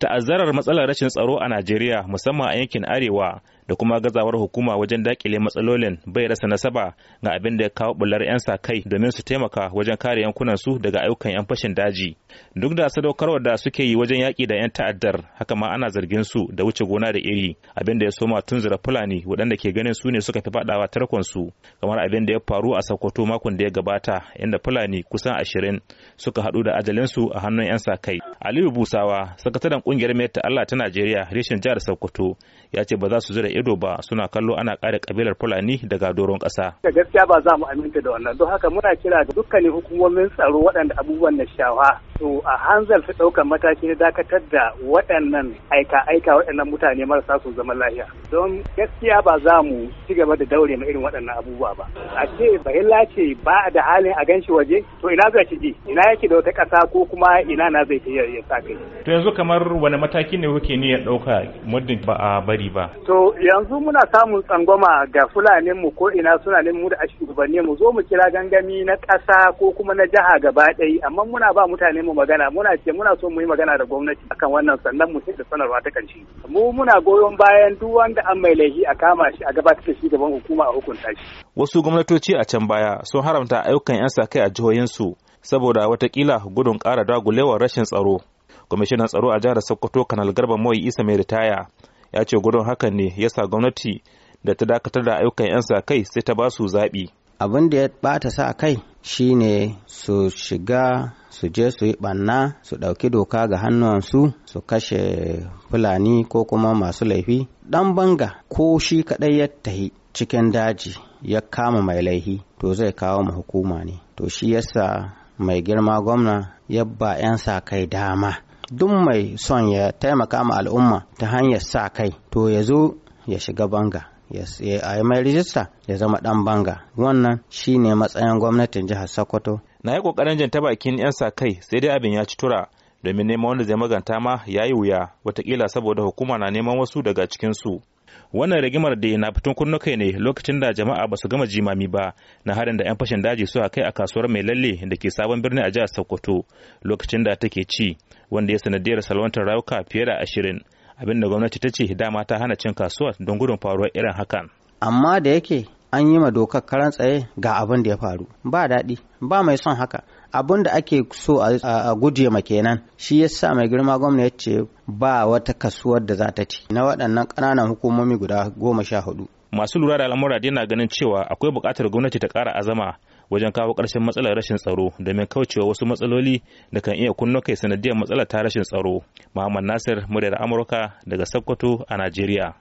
ta'azzarar matsalar rashin tsaro a Najeriya musamman a yankin Arewa da kuma gazawar hukuma wajen dakile matsalolin bai rasa nasaba ga abin da ya kawo bular 'yan sa kai domin su taimaka wajen kare yankunan su daga ayyukan 'yan fashin daji duk da sadaukarwar da suke yi wajen yaƙi da 'yan ta'addar haka ma ana zargin su da wuce gona da iri abin da ya soma tun zira fulani waɗanda ke ganin su ne suka fi faɗawa tarkon su kamar abin da ya faru a sokoto makon da ya gabata inda fulani kusan ashirin suka haɗu da ajalin su a hannun 'yan sa kai aliyu busawa sakataren ƙungiyar meta allah ta najeriya reshen jihar sokoto ya ce ba za su zura ido ba suna kallo ana kare kabilar fulani daga doron kasa. da gaskiya ba za mu aminta da wannan don haka muna kira ga dukkanin hukumomin tsaro waɗanda abubuwan na shawa to a hanzar su ɗaukar mataki na dakatar da waɗannan aika-aika waɗannan mutane marasa su zaman lafiya don gaskiya ba za mu ci gaba da daure ma irin waɗannan abubuwa ba a ce bahilla ce ba da halin a ganshi waje to ina za ki ji ina yake da wata kasa ko kuma ina na zai ta ya sa kai to yanzu kamar wani mataki ne kuke niyyar ɗauka muddin ba a bari ba to yanzu muna samun tsangwama ga fulani mu ko ina suna mu da shugabanni mu zo mu kira gangami na ƙasa ko kuma na jiha gaba ɗaya amma muna ba mutane mu magana muna ce muna so mu yi magana da gwamnati akan wannan sannan mu sai da sanarwa ta kanci mu muna goyon bayan duk wanda an mai laifi a kama shi a gabatar da shi gaban hukuma a hukunta shi wasu gwamnatoci a can baya sun haramta ayyukan 'yan sa-kai a jihohin su saboda watakila gudun ƙara dagulewar rashin tsaro kwamishinan tsaro a jihar sokoto kanal garba moyi isa mai ritaya ya ce gudun hakan ne ya sa gwamnati da ta dakatar da ayyukan 'yan sa kai sai ta ba su zaɓi abin da ya bata sa kai shine su shiga su je su yi ɓanna su ɗauki doka ga hannuwansu su kashe fulani ko kuma masu laifi ɗan banga ko shi kaɗai ya tahi cikin daji ya kama mai laifi to zai kawo ma hukuma ne to shi yasa mai girma gwamna ya ba 'yan sa kai dama duk mai son ya taimaka ma al'umma ta hanyar sa kai to ya zo ya shiga banga ya yi mai rijista ya zama dan banga wannan shine matsayin gwamnatin jihar sokoto na yi kokarin jin ta bakin yan sa kai sai dai abin ya ci tura domin neman wanda zai maganta ma ya yi wuya watakila saboda hukuma na neman wasu daga cikinsu wannan rigimar da na fitin kunnukai ne lokacin da jama'a ba su gama jimami ba na harin da 'yan fashin daji suka kai a kasuwar mai lalle da ke sabon birni a jihar sokoto lokacin da take ci wanda ya sanadiyar salwantar rayuka fiye da ashirin abinda gwamnati ta ce dama ta hana cin kasuwar don gudun faruwar irin hakan amma da yake an yi ma dokar karan tsaye ga abin da ya faru ba daɗi ba mai son haka abin da ake so a guje ma kenan shi ya sa mai girma gwamna ya ce ba wata kasuwar da za ta ci na waɗannan ƙananan hukumomi guda goma sha hudu masu lura da al'amura dai na ganin cewa akwai buƙatar gwamnati ta ƙara azama wajen kawo ƙarshen matsalar rashin tsaro domin kaucewa wasu matsaloli da kan iya kunno kai sanadiyar matsalar ta rashin tsaro muhammad nasir muryar amurka daga sokoto a najeriya